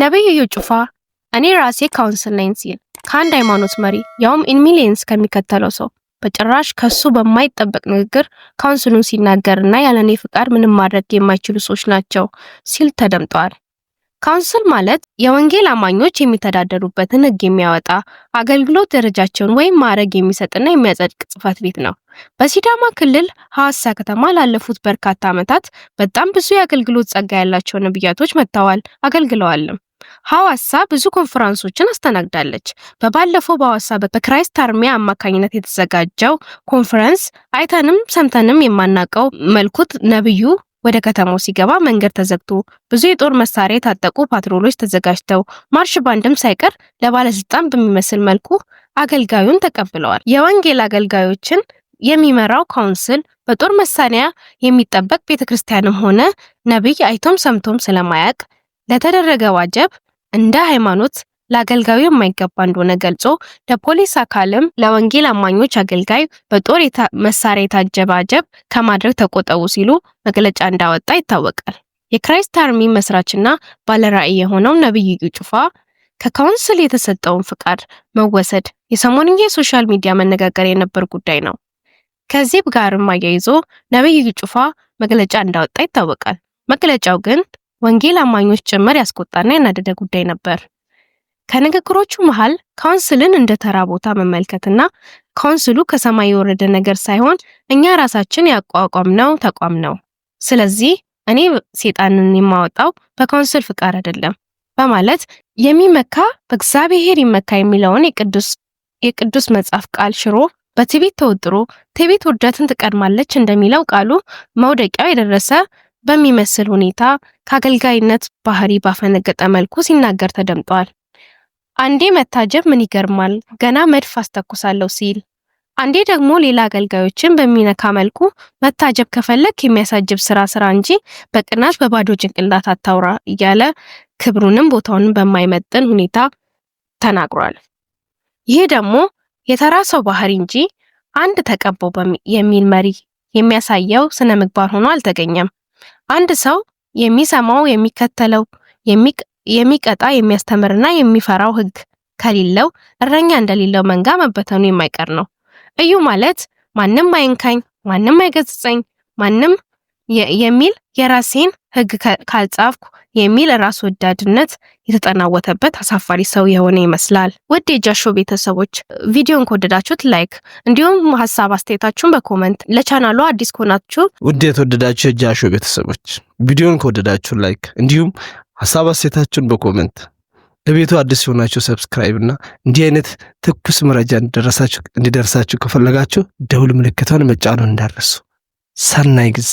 ነቢይ ኢዩ ጩፋ እኔ ራሴ ካውንስል ነኝ ሲል ከአንድ ሃይማኖት መሪ ያውም ኢንሚሊየንስ ከሚከተለው ሰው በጭራሽ ከሱ በማይጠበቅ ንግግር ካውንስሉን ሲናገርና ያለኔ ፍቃድ ምንም ማድረግ የማይችሉ ሰዎች ናቸው ሲል ተደምጠዋል። ካውንስል ማለት የወንጌል አማኞች የሚተዳደሩበትን ሕግ የሚያወጣ አገልግሎት ደረጃቸውን ወይም ማዕረግ የሚሰጥና የሚያጸድቅ ጽሕፈት ቤት ነው። በሲዳማ ክልል ሐዋሳ ከተማ ላለፉት በርካታ ዓመታት በጣም ብዙ የአገልግሎት ጸጋ ያላቸው ነብያቶች መጥተዋል አገልግለዋልም። ሐዋሳ ብዙ ኮንፈረንሶችን አስተናግዳለች። በባለፈው በሐዋሳ በክራይስት አርሚያ አማካኝነት የተዘጋጀው ኮንፈረንስ አይተንም ሰምተንም የማናውቀው መልኩት ነብዩ ወደ ከተማው ሲገባ መንገድ ተዘግቶ ብዙ የጦር መሳሪያ የታጠቁ ፓትሮሎች ተዘጋጅተው ማርሽ ባንድም ሳይቀር ለባለስልጣን በሚመስል መልኩ አገልጋዩን ተቀብለዋል። የወንጌል አገልጋዮችን የሚመራው ካውንስል በጦር መሳሪያ የሚጠበቅ ቤተክርስቲያንም ሆነ ነቢይ አይቶም ሰምቶም ስለማያውቅ ለተደረገ ዋጀብ እንደ ሃይማኖት ለአገልጋዩ የማይገባ እንደሆነ ገልጾ ለፖሊስ አካልም ለወንጌል አማኞች አገልጋይ በጦር መሳሪያ የታጀበ አጀብ ከማድረግ ተቆጠቡ ሲሉ መግለጫ እንዳወጣ ይታወቃል። የክራይስት አርሚ መስራችና ባለራዕይ የሆነው ነቢይ እዩ ጩፋ ከካውንስል የተሰጠውን ፍቃድ መወሰድ የሰሞንኛ የሶሻል ሚዲያ መነጋገር የነበር ጉዳይ ነው። ከዚህ ጋርም አያይዞ ነቢይ እዩ ጩፋ መግለጫ እንዳወጣ ይታወቃል። መግለጫው ግን ወንጌል አማኞች ጭምር ያስቆጣና ያናደደ ጉዳይ ነበር። ከንግግሮቹ መሃል ካውንስልን እንደ ተራ ቦታ መመልከትና ካውንስሉ ከሰማይ የወረደ ነገር ሳይሆን እኛ ራሳችን ያቋቋምነው ተቋም ነው፣ ስለዚህ እኔ ሴጣንን የማወጣው በካውንስል ፍቃድ አይደለም በማለት የሚመካ በእግዚአብሔር ይመካ የሚለውን የቅዱስ መጽሐፍ ቃል ሽሮ በትዕቢት ተወጥሮ ትዕቢት ውርደትን ትቀድማለች እንደሚለው ቃሉ መውደቂያው የደረሰ በሚመስል ሁኔታ ከአገልጋይነት ባህሪ ባፈነገጠ መልኩ ሲናገር ተደምጧል። አንዴ መታጀብ ምን ይገርማል ገና መድፍ አስተኩሳለሁ ሲል፣ አንዴ ደግሞ ሌላ አገልጋዮችን በሚነካ መልኩ መታጀብ ከፈለግ የሚያሳጅብ ስራ ስራ እንጂ በቅናት በባዶ ጭንቅላት አታውራ እያለ ክብሩንም ቦታውንም በማይመጥን ሁኔታ ተናግሯል። ይሄ ደግሞ የተራ ሰው ባህሪ እንጂ አንድ ተቀቦ የሚል መሪ የሚያሳየው ስነ ምግባር ሆኖ አልተገኘም። አንድ ሰው የሚሰማው የሚከተለው የሚቀጣ የሚያስተምርና የሚፈራው ህግ ከሌለው እረኛ እንደሌለው መንጋ መበተኑ የማይቀር ነው። እዩ ማለት ማንም አይንካኝ፣ ማንም አይገስጸኝ፣ ማንም የሚል የራሴን ህግ ካልጻፍኩ የሚል ራስ ወዳድነት የተጠናወተበት አሳፋሪ ሰው የሆነ ይመስላል። ውድ የጃሾ ቤተሰቦች ቪዲዮን ከወደዳችሁት ላይክ፣ እንዲሁም ሀሳብ አስተያየታችሁን በኮመንት ለቻናሉ አዲስ ከሆናችሁ ውድ የተወደዳችሁ የጃሾ ቤተሰቦች ቪዲዮን ከወደዳችሁ ላይክ እንዲሁም ሀሳብ አስተያየታችሁን በኮመንት ለቤቱ አዲስ የሆናችሁ ሰብስክራይብ እና እንዲህ አይነት ትኩስ መረጃ እንዲደርሳችሁ ከፈለጋችሁ ደውል ምልክቷን መጫኑን እንዳረሱ። ሰናይ ጊዜ